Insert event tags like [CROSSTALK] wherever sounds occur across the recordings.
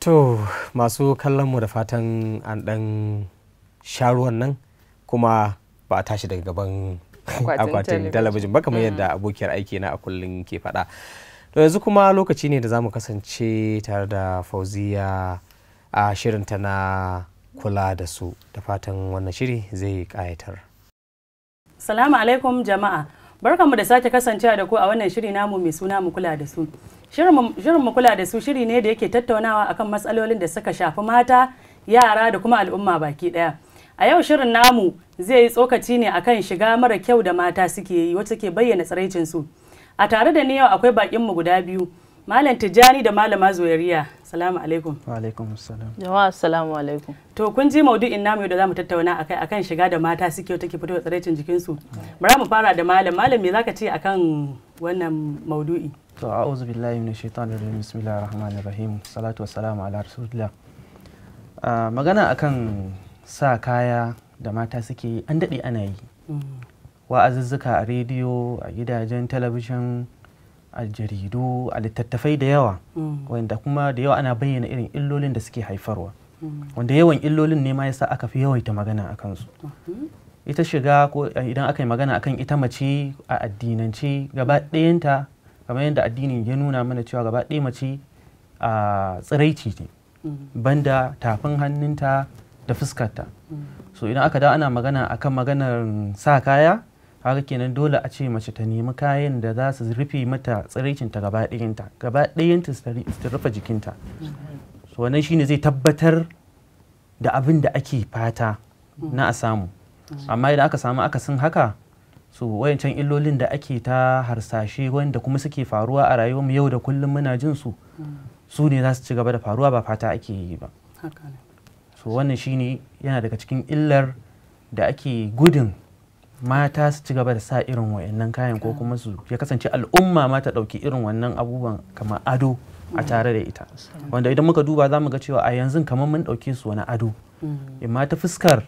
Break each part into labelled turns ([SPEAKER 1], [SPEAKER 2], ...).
[SPEAKER 1] to masu kallon mu da fatan an dan sharuwan nan kuma ba a tashi daga gaban akwatin talabijin ba kamar mm. yadda abokiyar aiki na a kullum ke faɗa to yanzu kuma lokaci ne da za mu kasance tare da fauziya a shirinta na kula da su da fatan wannan shiri zai kayatar.
[SPEAKER 2] salamu alaikum jama'a barkanmu da sake kasancewa da ku a wannan shiri namu mai suna mu kula da su Shirin mu kula da su shiri ne da yake tattaunawa akan matsalolin da suka shafi mata, yara da kuma al'umma baki daya. A yau shirin namu zai yi tsokaci ne akan shiga mara kyau da mata suke yi wacce ke bayyana tsiraicin su. A tare da ni yau akwai bakin mu guda biyu. Malam Tijjani da Malama Zuwairiya. Salamu alaikum.
[SPEAKER 3] Wa alaikum salam.
[SPEAKER 2] Jama'a assalamu alaikum. To kun ji maudu'in namu da zamu tattauna akai akan shiga da mata suke take fito da tsiraicin jikin su. bari mu fara da malam. Malam me zaka ce akan wannan
[SPEAKER 3] maudu'i? to a'udhu billahi minash shaitanir rajim bismillahir rahmanir rahim salatu wassalamu ala rasulillah ah, magana akan sa kaya da mata suke an daɗe ana yi mm. wa'azuzzuka a rediyo a gidajen talabijin a jaridu a littattafai da yawa mm. wanda kuma da yawa ana bayyana irin illolin da suke haifarwa mm. wanda yawan illolin ne ma sa aka fi yawaita magana a kansu mm-hmm. ita shiga ko idan aka yi magana akan ita mace a addinance gaba ɗayanta kamar yadda addini ya nuna mana cewa gaba ɗaya mace a tsiraici ne mm-hmm. banda tafin hannunta da fuskarta
[SPEAKER 4] mm-hmm.
[SPEAKER 3] so idan aka dawo ana magana akan maganar sa kaya haka kenan dole a ce mace ta nemi kayan da za su rufe mata tsiraicinta gaba ɗayanta gaba ɗayanta su rufe jikinta
[SPEAKER 4] mm-hmm.
[SPEAKER 3] so wannan shine zai tabbatar da abin da ake fata na a samu amma idan aka samu akasin haka so wayancan illolin da ake ta harsashe wanda kuma suke faruwa a rayuwar mu yau da kullum muna jin su mm. su ne za su ci gaba da faruwa ba fata ake yi ba so wannan shine yana daga cikin illar da ake gudun mata su ci gaba da sa irin wayannan kayan ko kuma su ya kasance al'umma ma ta ɗauki irin wannan abubuwan kamar ado a tare da ita mm. wanda idan muka duba za mu ga cewa a yanzu kamar mun ɗauke su wani ado mm. imma ta fuskar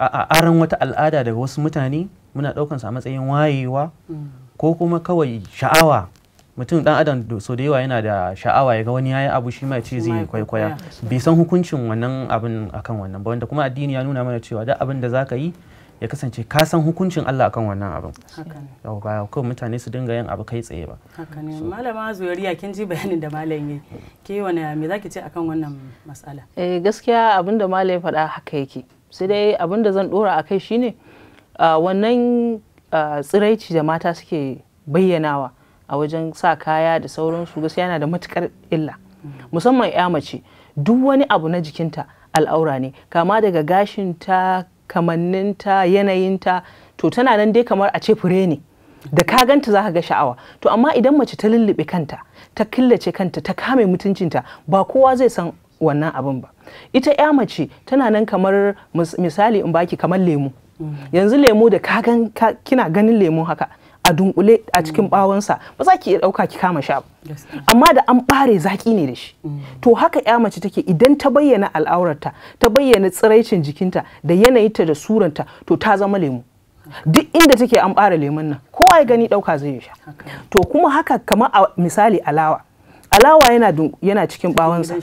[SPEAKER 3] a aran wata al'ada daga wasu mutane muna ɗaukansa a matsayin wayewa mm. ko kuma kawai sha'awa mutum dan adam so da yawa yana da sha'awa ya ga wani yayi abu shi mai ce zai kwaikwaya bai san hukuncin wannan abin akan wannan ba wanda kuma addini ya nuna mana cewa duk abin da zaka yi ya kasance ka san hukuncin Allah akan wannan abin yau ba kawai mutane su dinga yin abu kai tsaye ba
[SPEAKER 2] haka ne malama zuwariya kin ji bayanin da malam yayi ke wani me zaki ce akan wannan mas'ala
[SPEAKER 5] eh gaskiya abin da malam ya faɗa haka yake sai dai abin da zan dora akai shine Ah, wannan ah, tsiraici da mata suke bayyanawa a wajen sa kaya da sauransu gaskiya yana da matukar illa musamman ya mace duk wani abu na jikinta al'aura ne kama daga gashinta kamanninta yanayinta to tana nan dai kamar a ce fure ne da ka ganta za ka ga sha'awa to amma idan mace ta lullube kanta ta killace kanta ta kame mutuncinta ba kowa zai san wannan abin ba ita ya mace tana nan kamar misali in baki kamar lemu yanzu lemu da ka kina ganin lemu haka a dunkule a cikin bawonsa mm. ba za ki iya dauka ki kama sha amma da an bare zaki ne da shi mm. to haka ya mace take idan ta bayyana al'aurarta ta bayyana tsiraicin jikinta da yanayinta da suranta to ta zama lemu duk inda take an bare lemun nan kowa ya gani dauka zai sha to kuma haka kamar a misali alawa alawa yana yana cikin bawonsa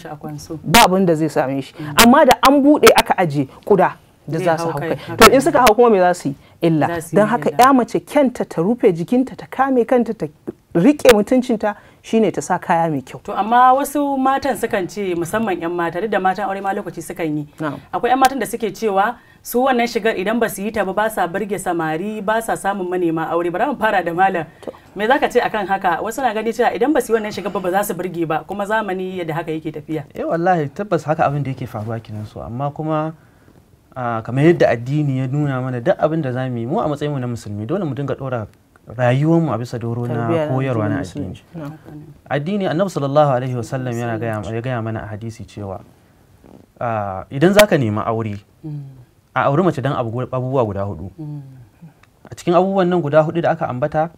[SPEAKER 5] ba abin da zai same shi mm. amma da an bude aka aje kuda da za su hauka to in suka hau kuma me za su yi illa don haka ya mace kyanta ta rufe jikinta ta kame kanta ta rike mutuncinta shine ta sa kaya mai kyau
[SPEAKER 2] to amma wasu matan sukan ce musamman yan mata duk da matan aure ma lokaci sukan yi akwai yan matan da suke cewa su wannan shigar idan ba su yi ta ba ba sa burge samari ba sa samun manema aure bari mu fara da malam me zaka ce akan haka wasu na gani cewa idan ba su yi wannan shigar ba ba za su burge ba kuma zamani yadda haka yake tafiya eh
[SPEAKER 3] wallahi tabbas haka abin da yake faruwa kinan so amma kuma kamar yadda addini ya nuna mana duk abin da za mu yi mu a matsayinmu na musulmi dole mu dinga ɗora mu a bisa doro na koyarwa na addini addini annabi sallallahu alaihi wasallam yana gaya mana a hadisi cewa idan zaka nemi aure a auri mace don abubuwa guda hudu a cikin abubuwan nan guda hudu da aka ambata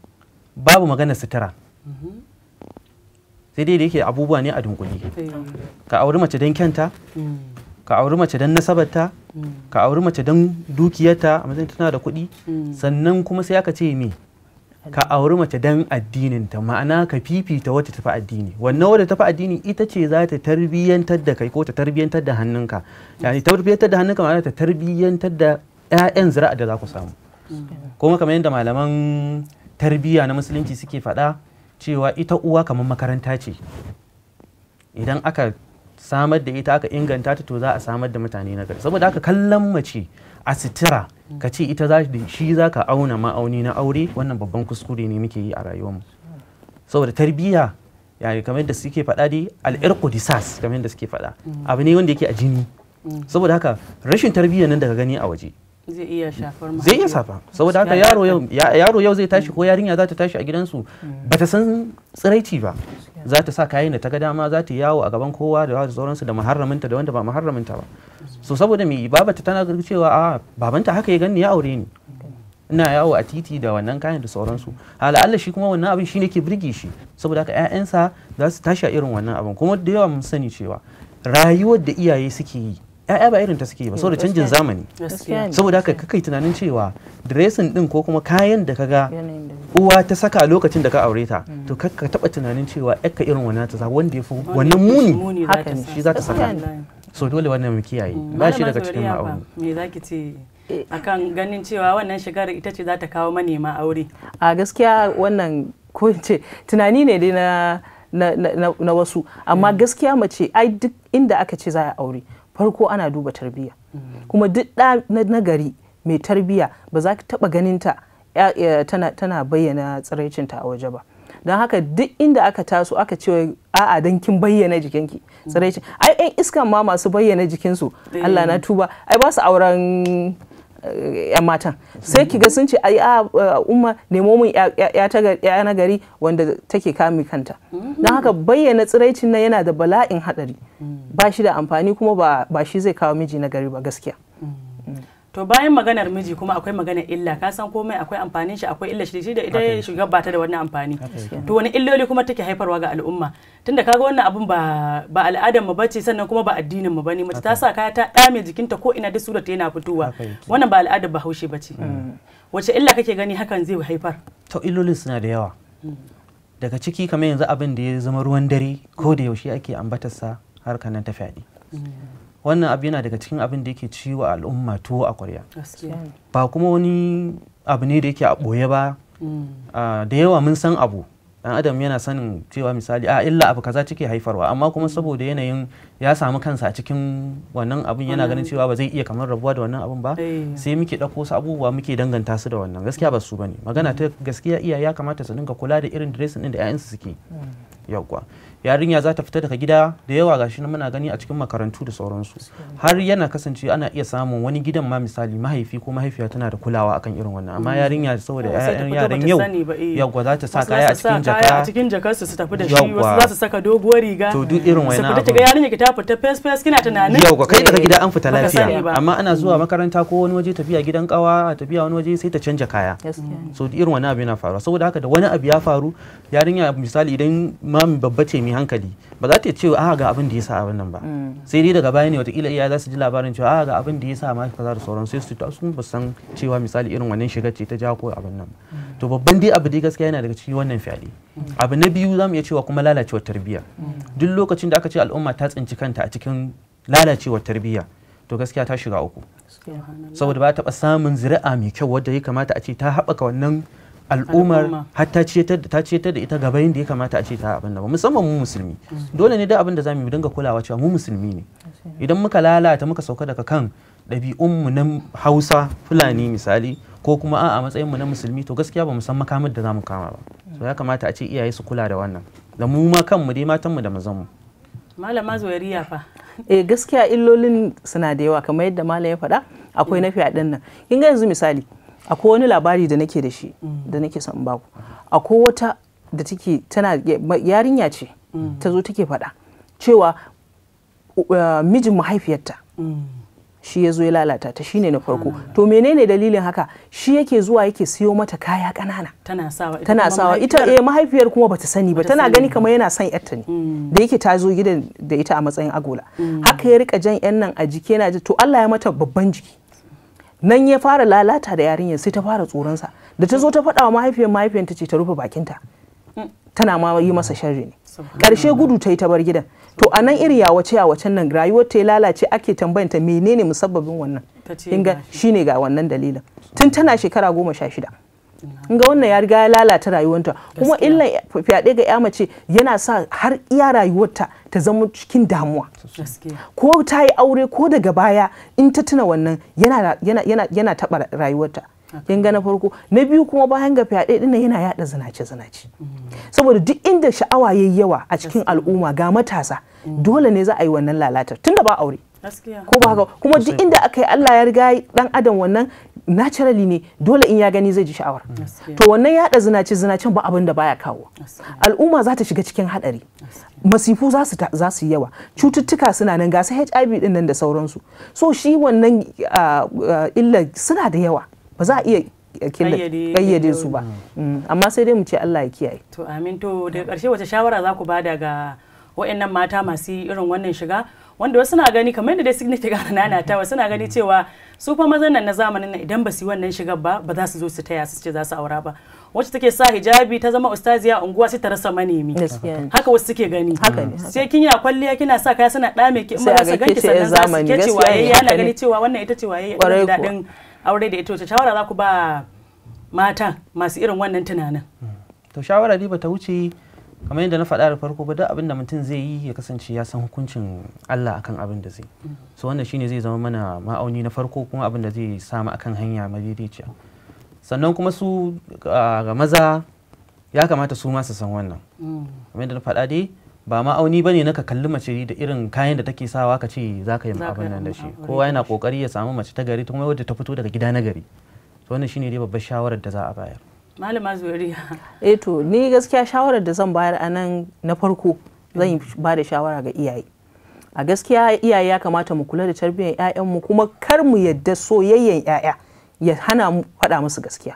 [SPEAKER 3] babu magana sutura sai dai da yake abubuwa ne a dunkuli ka auri mace dan kyanta mm. ka auri mace dan nasabarta mm. ka auri mace dan dukiyarta a matsayin tana da kuɗi mm. sannan kuma sai aka ce me ka auri mace don addininta ma'ana ka fifita wata tafi addini wannan wadda tafi addini ita ce za ta tarbiyyantar da kai ko ta tarbiyyantar da hannunka yani tarbiyyantar da hannunka ma'ana ta tarbiyyantar da 'ya'yan zira'a da za ku samu
[SPEAKER 4] mm.
[SPEAKER 3] kuma kamar yadda malaman tarbiyya na musulunci suke faɗa cewa ita uwa kamar makaranta ce idan aka samar da ita aka inganta ta to za a samar da mutane na gari saboda aka kallon mace a sitira ka ce ita za shi za ka auna ma'auni na aure wannan babban kuskure ne muke yi a rayuwarmu saboda tarbiyya yi kamar da suke faɗa dai al'irku disas kamar da suke faɗa abu ne wanda yake a jini mm. saboda haka rashin tarbiyya nan daga gani a waje
[SPEAKER 2] zai iya shafar zai iya safa saboda haka yaro
[SPEAKER 3] yau zai tashi ko yarinya za ta tashi a gidansu hmm. bata san tsiraici ba za ta sa kayan da ta ga dama za ta yawo a gaban kowa da sauransu da maharraminta da wanda ba maharraminta ba so saboda me babata tana ga cewa a babanta haka ya gani ya aure ni ina yawo a titi da wannan kayan da sauransu Allah shi kuma wannan abin shi ne ke birge shi saboda haka 'ya'yansa za su tashi a irin wannan abin kuma da yawa mun sani cewa rayuwar da iyaye suke yi ya'ya ba irin ta suke ba saboda canjin zamani saboda haka kakai tunanin cewa dressing din ko kuma kayan da kaga uwa ta saka lokacin da ka aure ta mm. to ka taba tunanin cewa yakka irin wannan ta wanda yafi wannan muni shi za ta saka so dole wannan mu kiyaye mm. ba shi daga cikin ma'auni
[SPEAKER 2] me zaki ce eh. akan ganin cewa wannan shigar ita ce za ta kawo manema aure a gaskiya wannan ko
[SPEAKER 5] ce tunani ne dai na na, wasu amma mm. gaskiya mace ai duk inda aka ce za a aure farko ana duba tarbiyya kuma duk ɗa na mai tarbiyya ba za ka taɓa ganin ta tana bayyana tsiraicinta a waje ba don haka duk inda aka taso aka ce a'a don kin bayyana jikinki tsiraicin ai yan iskan ma masu bayyana jikinsu eh. Allah na tuba ai ba su auren 'yan matan sai ki ga sun ce ai a umma nemo mun ya na gari wanda take kame kanta don haka bayyana tsiraicin nan yana da bala'in hadari ba shi da amfani kuma ba shi zai kawo miji na gari ba gaskiya
[SPEAKER 2] to bayan maganar miji kuma akwai maganar illa ka san komai akwai amfanin shi akwai illa shi da ita shiga ba ta da wannan amfani to wani illoli kuma take haifarwa ga al'umma tunda kaga wannan abun ba ba al'adar mu bace sannan kuma ba addinin mu bane mace ta sa kaya ta dame jikinta ko ina da surata yana fitowa wannan ba al'adar bahaushe bace mm. wace illa kake gani hakan zai haifar
[SPEAKER 3] to illolin suna da yawa mm. daga ciki kamar yanzu abin da ya zama ruwan dare ko da yaushe ake ambatarsa harkar nan ta fyaɗe mm. wannan abu yana daga cikin abin da yake ciwo al'umma to a kwarya ba kuma wani abu ne da yake a ɓoye ba mm. da yawa mun san abu dan adam yana sanin cewa misali a ah, illa abu kaza cike haifarwa amma kuma saboda yanayin ya samu kansa a cikin wannan abun yana ganin cewa ba zai iya kamar rabuwa da wannan abin ba eh. sai muke ɗauko su abubuwa muke danganta su da wannan gaskiya ba su bane magana ta mm. gaskiya iyaye ya kamata su dinga kula da irin dressing din da 'ya'yansu suke mm. yauwa yarinya za ta fita daga gida da yawa gashi na muna gani a cikin makarantu da sauransu har yana kasance ana iya samun wani gidan ma misali mahaifi ko mahaifiya tana da kulawa akan irin wannan amma mm. yarinya saboda yayan yaran yau eh. yagwa za ta sa kaya a cikin jaka a cikin
[SPEAKER 2] jakar su tafi da shi wasu za su saka doguwar riga to duk irin wannan fita ga yarinya ki ta fita fes fes kina tunanin yagwa kai daga eh, gida an fita lafiya amma ana zuwa mm.
[SPEAKER 3] makaranta ko wani waje tafiya gidan kawa tafiya wani waje sai ta canja kaya so irin wannan abu yana faruwa saboda haka da wani abu ya faru yarinya misali idan mami babba ce mai hankali ba za ta ce a ah, ga abin da ya sa abin nan ba mm. sai dai daga baya ne watakila iyaye za su ji labarin cewa a ah, ga abin da ya sa ma kaza da sauran sai su ta sun ba san cewa misali irin wannan shigar ce ta ja ko abin nan mm. to babban dai abu dai gaskiya yana daga cikin wannan fyaɗe mm. abu na biyu za mu iya cewa kuma lalacewar tarbiyya duk lokacin da aka ce al'umma ta tsinci kanta a cikin lalacewar tarbiyya to gaskiya ta shiga uku saboda ba ta taɓa samun zira'a mai kyau wadda ya kamata a ce ta haɓaka wannan al'ummar har ta ce ta da ita gaba da ya kamata a ce ta abin da ba musamman mu musulmi dole ne duk abin da zamu yi dinga kulawa cewa mu musulmi ne idan muka lalata muka sauka daga kan mu na hausa fulani misali ko kuma a matsayinmu na musulmi to gaskiya ba mu san makamar da zamu kama ba so ya kamata a ce iyaye su kula da wannan da mu ma kanmu dai matanmu da mazanmu
[SPEAKER 2] malama zuwariya fa
[SPEAKER 5] eh gaskiya illolin suna da yawa kamar yadda malam ya faɗa akwai na mm. fiya nan kin ga yanzu misali akwai wani labari da nake da shi mm. da nake son baku akwai wata da take tana yarinya ce mm. ta zo take faɗa cewa uh, mijin mahaifiyarta mm. shi ya zo ya lalata ta shine na farko ah. to menene dalilin haka shi yake zuwa yake siyo mata kaya kanana
[SPEAKER 2] tana sawa ita
[SPEAKER 5] eh mahaifiyar kuma bata sani ba tana gani kamar yana son yarta ne da yake ta zo gidan da ita a matsayin agola haka ya rika jan yan nan a jiki yana ji to Allah ya mata babban jiki nan ya fara lalata da yarinyar sai ta fara tsoronsa da ta zo ta faɗa wa mahaifiyar mahaifiyar ta ce ta rufe bakinta tana ma yi masa sharri ne karshe gudu ta yi ta bar gidan to a nan iri ya wace a wacen nan rayuwar ta ya lalace ake tambayan menene musabbabin wannan inga shine ga wannan dalilin tun tana shekara goma sha shida ga wannan ya riga ya lalata rayuwarta kuma illan fyaɗe ga ya mace yana sa har iya rayuwarta ta zama cikin damuwa ko ta yi aure ko daga baya in ta tuna wannan yana taɓa rayuwarta kin ga na farko na biyu kuma bayan ga fyaɗe din yana yada zinace zinace mm. saboda duk inda sha'awa yayi yawa a cikin al'umma ga matasa mm. dole ne za a yi wannan lalata tunda ba aure ko ba haka kuma duk inda aka yi Allah ya riga dan adam wannan naturally ne dole in ya gani zai ji sha'awar to wannan yada zinace zinacen ba abin da baya kawo al'umma za ta shiga cikin hadari masifu za su yawa cututtuka suna nan gasa hiv din nan da sauransu so shi wannan ah, ah, illa suna da yawa ba za a iya kayyade su ba mm. amma sai dai mu ce Allah ya kiyaye
[SPEAKER 2] to amin to daga karshe wace shawara za ku bada ga waɗannan mata masu irin wannan shiga wanda wasu na gani kamar yadda dai signet ga nana ta wasu na gani cewa su fa mazan nan na zamanin nan idan ba su yi wannan shigar ba ba za su zo su taya su ce za su aura ba wacce take sa hijabi ta zama ustaziya a unguwa sai ta rasa manemi haka wasu suke gani mm. sai kin ya kwalliya kina sa kaya suna dame ki in ba su ganki sannan za su ke cewa eh, ya yana gani cewa wannan ita ce waye da dadin aure da ita wace shawara za ku ba mata masu irin wannan tunanin mm.
[SPEAKER 3] to shawara ne ta wuce kamar yadda na faɗa da farko ba duk abin da mutum zai yi ya kasance ya san hukuncin Allah akan abin da zai mm. so wannan shine zai zama mana ma'auni na farko kuma abin da zai samu akan hanya madaidaiciya sannan kuma su ga maza ya kamata su ma su san wannan mm. kamar yadda na faɗa dai ba ma'auni bane na ka kalli mace da irin kayan da take sawa ka ce za ka yi abin nan da shi kowa yana kokari ya samu mace ta gari tun wadda ta fito daga gida na gari to wannan shine dai babbar shawarar da za a bayar
[SPEAKER 2] malama zuriya. eh to ni gaskiya
[SPEAKER 5] shawarar da zan bayar a nan na farko zan ba da shawara ga iyaye a gaskiya iyaye ya kamata mu kula da tarbiyyar 'ya'yanmu kuma kar mu yadda soyayyen 'ya'ya ya hana mu faɗa musu gaskiya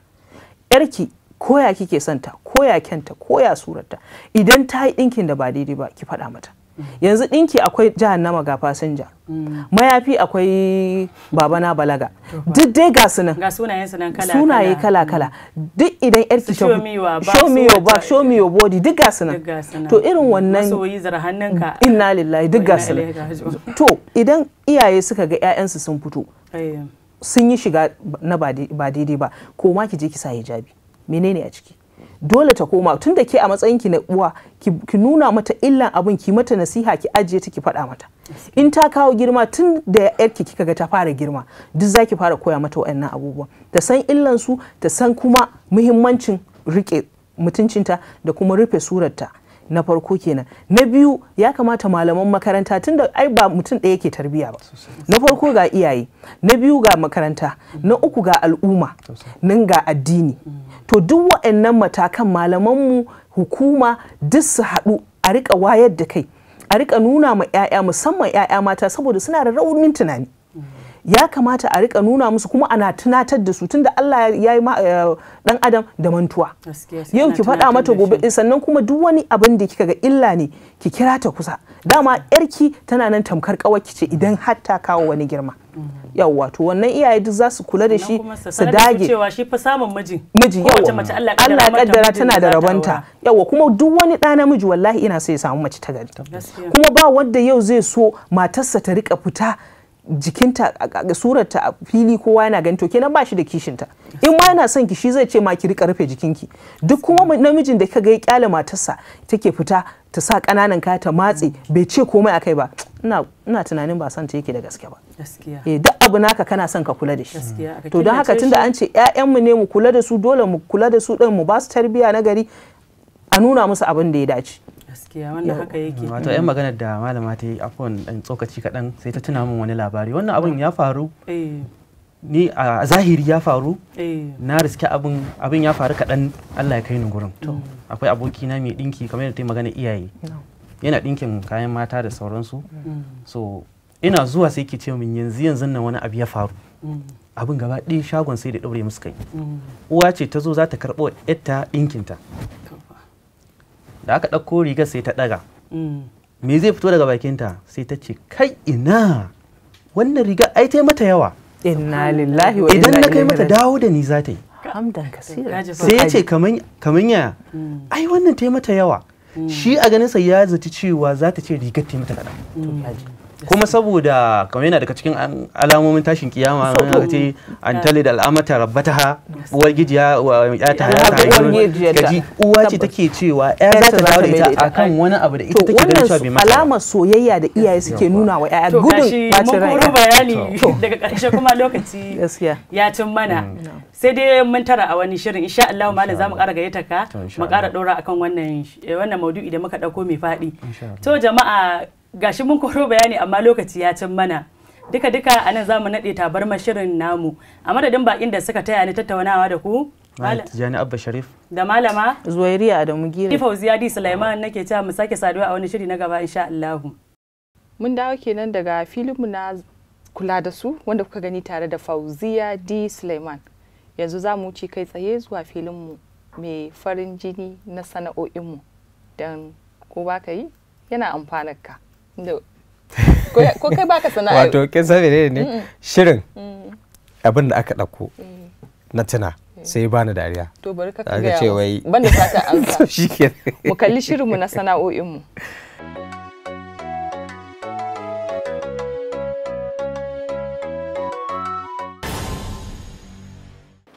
[SPEAKER 5] yarki koya kike santa koya kyanta koya surarta idan ta yi ɗinkin da ba daidai ba ki faɗa mata yanzu dinki akwai jahannama ga fasinja mm. mayafi akwai babana balaga duk dai ga sunan ga
[SPEAKER 2] sunayen sunan kala sunaye kala
[SPEAKER 5] kala mm. duk idan yar ki show me your back show me your back show me your body duk ga
[SPEAKER 2] sunan to irin wannan masoyi zar hannunka inna lillahi duk ga sunan
[SPEAKER 5] to idan iyaye suka ga ƴaƴansu sun fito eh. sun yi shiga na ba daidai ba ko ma ki je ki sa hijabi menene a ciki dole ta koma tun da ke a matsayin ki na uwa ki nuna mata illan abin ki mata nasiha ki ajiye ta ki faɗa mata in ta kawo girma tun da yarki kika ga ta fara girma duk zaki fara koya mata waɗannan abubuwa ta san illan su ta san kuma muhimmancin rike mutuncinta da kuma rufe surarta na farko kenan na biyu ya kamata malaman makaranta tunda ai ba mutum ɗaya ke tarbiya ba na farko ga iyaye na biyu ga makaranta na uku ga al'umma nan ga addini to duk wa'annan matakan malamanmu hukuma duk su haɗu a riƙa wayar da kai a riƙa nuna ma 'ya'ya musamman 'ya'ya mata saboda suna da raunin tunani ya kamata a rika nuna musu kuma ana tunatar da su tunda Allah ya yi dan eh, adam da mantuwa
[SPEAKER 2] yau ki faɗa
[SPEAKER 5] mata gobe sannan kuma duk wani abin da kika ga illa ne ki kira ta kusa dama yarki tana nan tamkar ki ce idan har ta kawo wani girma mhm. yawwa to wannan iyaye duk za su kula da shi su dage cewa
[SPEAKER 2] shi fa samun miji miji Allah ya kaddara tana da rabanta
[SPEAKER 5] yawwa kuma duk wani ɗa namiji wallahi ina so ya samu mace ta gari kuma ba wanda yau zai so matarsa ta rika fita jikinta a surarta a fili kowa yana gani to kenan ba shi da kishinta in ma yana son ki shi zai ce ma ki rika rufe jikinki duk kuma namijin da ga ya kyale matarsa take fita ta sa kananan kaya ta matse mm. bai ce komai akai ba ina tunanin ba son ta yake da gaske ba eh duk abu naka kana son ka kula da shi to don haka tunda an ce mu ne mu kula da su dole mu kula da su din mu ba su tarbiyya na gari a nuna musu abin da ya dace
[SPEAKER 2] gaskiya wanda
[SPEAKER 3] maganar da malama ta yi afon dan tsokaci kaɗan sai ta tuna min wani labari wannan abin ya faru eh. ni a zahiri ya faru eh. na riske abin abin ya faru kaɗan Allah ya kai ni gurin hmm. akwai aboki na mai dinki kamar yadda ta yi magana iyaye yana dinkin kayan mata da sauransu hmm. so ina zuwa sai ke ce min yanzu yanzu nan wani abu ya faru hmm. abin gaba ɗaya shagon sai da ɗaure musu kai uwa ce ta zo za ta karɓo yarta ɗinkinta da aka ɗauko rigar sai ta ɗaga mm. me zai fito daga bakinta sai ta ce kai ina wannan riga ai ta mata yawa inna lillahi wa idan na kai mata dawo da ni za ta yi sai ya ce kamar ya mm. ai wannan ta mata yawa mm. shi a ganin sa ya zaci cewa za ta ce rigar ta mata kaɗan kuma saboda kamar yana daga cikin alamomin tashin kiyama an ce an tali da al'amata rabbataha uwar gijiya ya ta haya ta gaji uwa ce take cewa ya
[SPEAKER 5] za ta dawo da ita akan
[SPEAKER 2] wani abu da ita take ganin cewa bai mata
[SPEAKER 5] alama soyayya da iyaye suke nuna wa yaya gudun bacin rai to bayani
[SPEAKER 2] daga karshe kuma lokaci ya cin mana mm. sai dai mun tara a wani shirin insha Allah malam zamu ƙara gayyata ka mu ƙara dora akan wannan eh, wannan maudu'i da muka dauko mai faɗi to jama'a gashi mun koro bayani amma lokaci ya cin mana duka duka a nan zamu naɗe tabarma shirin namu a madadin bakin da suka taya ni tattaunawa da ku
[SPEAKER 3] Tijjani Abba Sharif.
[SPEAKER 2] Da malama. Zuwairiya da Mugire. Fauzi Adi Sulaiman nake cewa mu sake saduwa a wani shiri na gaba insha Allah. Mun dawo kenan
[SPEAKER 5] daga filinmu na kula da su wanda kuka gani tare da Fauziya d Sulaiman. Yanzu za mu ci kai tsaye zuwa filin mu mai farin jini na sana'o'inmu don ko ba ka yi yana amfanar ka. ko kai baka sana'a wato
[SPEAKER 1] kin san ne shirin mm. abin da aka ɗauko mm. na tuna mm. sai ba ni dariya
[SPEAKER 2] to bari ka ga ce wai banda sata an [LAUGHS] sa mu kalli shirin mu na sana'o'in mu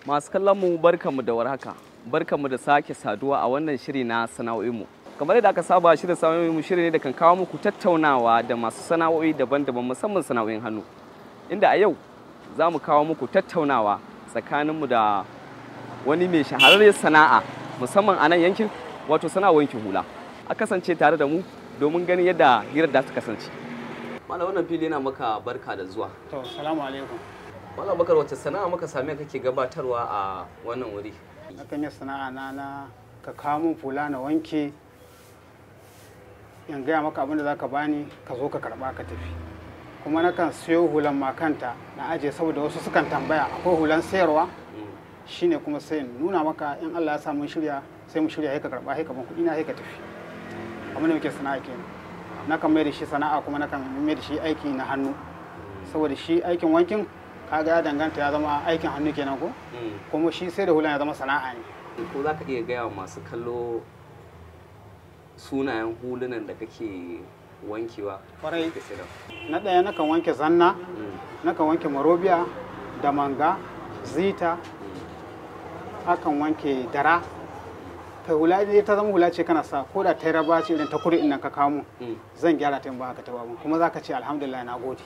[SPEAKER 6] masu kallon mu barkamu da warhaka barkamu da sake saduwa a wannan shiri na sana'o'in mu kamar yadda aka saba shirin sami mu shirin ne da kan kawo muku tattaunawa da masu sana'o'i daban-daban musamman sana'o'in hannu inda a yau za mu kawo muku tattaunawa tsakaninmu da wani mai shahararren sana'a musamman a nan yankin wato sana'ar wankin hula a kasance tare da mu domin ganin yadda hirar da ta kasance mala wannan fili yana maka barka da zuwa to salamu alaikum mala bakar wace sana'a muka same kake gabatarwa a wannan wuri
[SPEAKER 7] kan yi sana'a na na ka kawo min fula na wanke in gaya maka abin da za ka bani ka zo ka karba ka tafi kuma na kan siyo hulan makanta na aje saboda wasu sukan tambaya akwai hulan sayarwa
[SPEAKER 4] mm.
[SPEAKER 7] shine kuma sai in nuna maka in Allah ya sa mun shirya sai mu shirya ka karba sai ka ban kuɗi na sai ka tafi abin da muke sana'a kenan na kan mai da shi sana'a kuma na kan mai da shi aiki na hannu mm. saboda shi aikin wankin kaga ya danganta ya zama aikin hannu kenan ko mm.
[SPEAKER 6] kuma shi sai da hulan ya zama sana'a ne ko za ka iya gaya masu kallo sunayen hulunan da kake wankewa kwarai na
[SPEAKER 7] ɗaya nakan wanke zanna mm. nakan wanke marobiya da manga zita mm. akan wanke dara kai hula ne ta zama hula ce kana sa ko da ta raba ce idan ta kuri nan ka kamo mm. zan gyara ta in ba haka ta babu kuma zaka ce alhamdulillah na
[SPEAKER 6] gode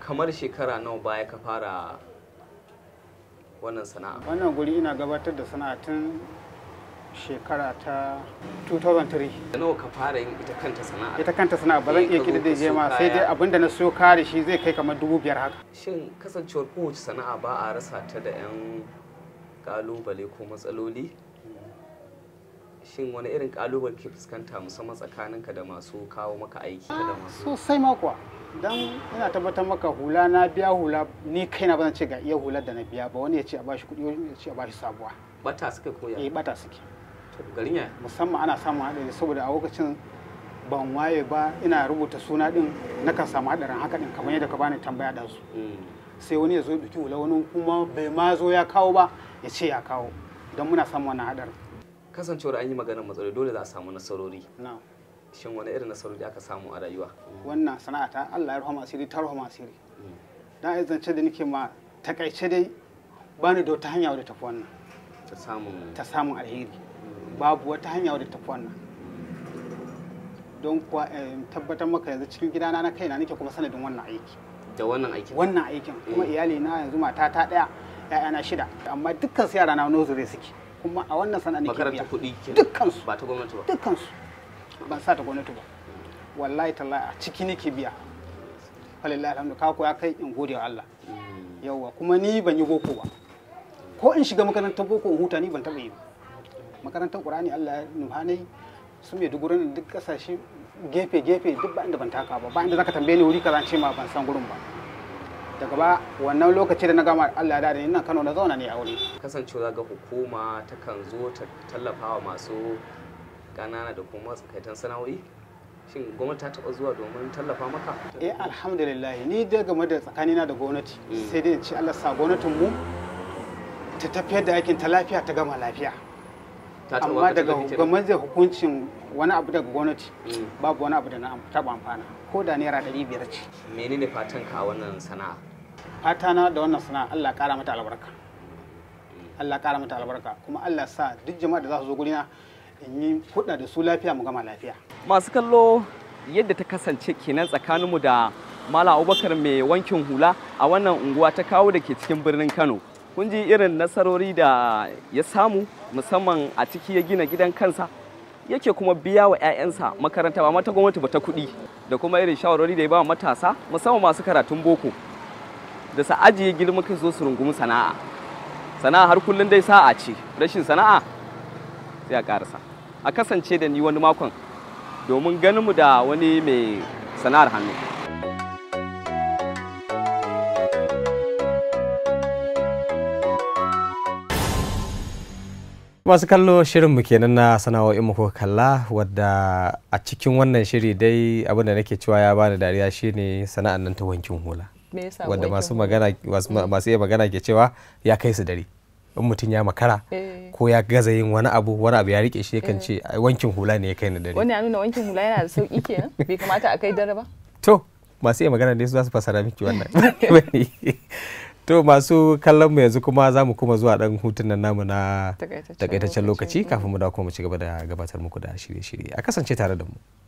[SPEAKER 6] kamar shekara nawa baya ka fara wannan sana'a
[SPEAKER 7] wannan guri ina gabatar da sana'a tun shekara ta 2003
[SPEAKER 6] da nawa ka fara yin ita kanta sana'a ita kanta sana'a ba zan eh, iya da ma sai dai
[SPEAKER 7] da na siyo kare
[SPEAKER 6] shi zai kai kamar dubu biyar haka shin kasancewar kowace sana'a ba a rasa ta da yan kalubale ko matsaloli shin wani irin kalubar ke fuskanta musamman tsakanin ka da masu kawo maka aiki da masu sosai ma kuwa don
[SPEAKER 7] ina tabbatar maka hula na biya hula ni kaina ba zan ce ga iya hular da na biya ba wani ya ce a bashi kuɗi wani ya ce a bashi sabuwa bata suke koya eh bata suke garin ya musamman ana samun haɗari saboda a lokacin ban waye ba ina rubuta suna din na kan samu haɗarin haka din kamar yadda ka bani tambaya da su mm. sai wani ya zo duki wula wani kuma bai ma zo ya kawo ba
[SPEAKER 6] ya ce ya kawo don muna samun wannan haɗarin kasancewar an yi maganar matsaloli dole za a samu nasarori shin wani irin nasarori aka samu a rayuwa wannan sana'a ta Allah ya rahama asiri
[SPEAKER 7] ta rahama asiri mm. dan ai zance da nake ma takaice dai bani da wata hanya wadda tafi wannan ta samun alheri babu wata hanya wadda ta wannan don kuwa eh, tabbatar maka yanzu cikin gidana na kaina nake kuma sanadin wannan aiki
[SPEAKER 6] da wannan aikin wannan aikin kuma eh.
[SPEAKER 7] iyali na yanzu mata ta daya na shida amma dukkan su yara na nozure suke kuma a wannan sana'a nake biya
[SPEAKER 6] kuɗi dukkan su ba ta gwamnati ba
[SPEAKER 7] dukkan su ban sa ta gwamnati ba wallahi tallahi a ciki nake biya falilla alhamdu ka koya kai in gode wa Allah mm. yawa kuma ni ban yi boko ba ko in shiga makarantar boko in huta ni ban taɓa yi ba makarantar ƙur'ani Allah ya nuhanai su mai dugurin duk kasashe gefe gefe duk ba inda ban taka ba ba inda zaka tambaye ni wuri ka zance ma ban san gurin ba daga ba wannan lokaci da na gama Allah ya dade ni nan Kano na zauna ne a wuri
[SPEAKER 6] kasancewa ga hukuma kan zo ta tallafawa masu kanana da kuma kaitan sana'o'i shin gwamnati ta taɓa zuwa domin tallafa maka eh alhamdulillah
[SPEAKER 7] ni da game da tsakanina da gwamnati mm. sai dai ce Allah sa gwamnatin mu ta tafiyar da aikin ta lafiya ta gama lafiya
[SPEAKER 4] amma daga game
[SPEAKER 7] zai hukuncin wani abu daga gwamnati mm. babu wani abu da na taɓa amfana ko da naira ɗari biyar ce
[SPEAKER 6] menene fatan ka a wannan sana'a
[SPEAKER 7] fata na da wannan sana'a Allah
[SPEAKER 6] ƙara mata albarka mm.
[SPEAKER 7] Allah ƙara mata albarka kuma Allah sa duk jama'a da za su zo gurina in yi kuɗa da su lafiya mu gama lafiya
[SPEAKER 6] masu kallo yadda ta kasance kenan tsakaninmu da Mala Abubakar mai wankin hula a wannan unguwa ta kawo da ke cikin birnin Kano kun ji irin nasarori da ya samu musamman a ciki ya gina gidan kansa yake kuma biya wa 'ya'yansa makaranta ba mata gwamnati ba ta kuɗi da kuma irin shawarwari da ya ba matasa musamman masu karatun boko da sa ajiye girma kai zo su rungumi sana'a sana'a har kullum dai sa'a ce rashin sana'a sai a karasa a kasance da ni wani makon domin ganinmu da wani mai sana'ar hannu
[SPEAKER 1] masu kallo shirinmu kenan na sana'o'in mu kalla wadda a cikin wannan shiri dai abinda nake cewa ya bani dariya shine sana'an nan ta wankin hula wadda masu magana mm. masu iya magana ke cewa ya kai su dare in mutum ya makara eh. ko ya gaza yin wani abu wani abu ya rike shi kan eh. ce wankin hula ne ya kai ni dare wani
[SPEAKER 5] ya nuna wankin hula yana da sauki kenan [LAUGHS] bai kamata a kai dare ba
[SPEAKER 1] to masu iya magana dai su za su fasara miki wannan [LAUGHS] [LAUGHS] to masu kallon mu yanzu kuma za mu kuma zuwa dan hutun nan namu na
[SPEAKER 4] takaitaccen lokaci
[SPEAKER 1] kafin mu dawo kuma mu ci gaba da gabatar muku da shirye-shirye a kasance tare da mu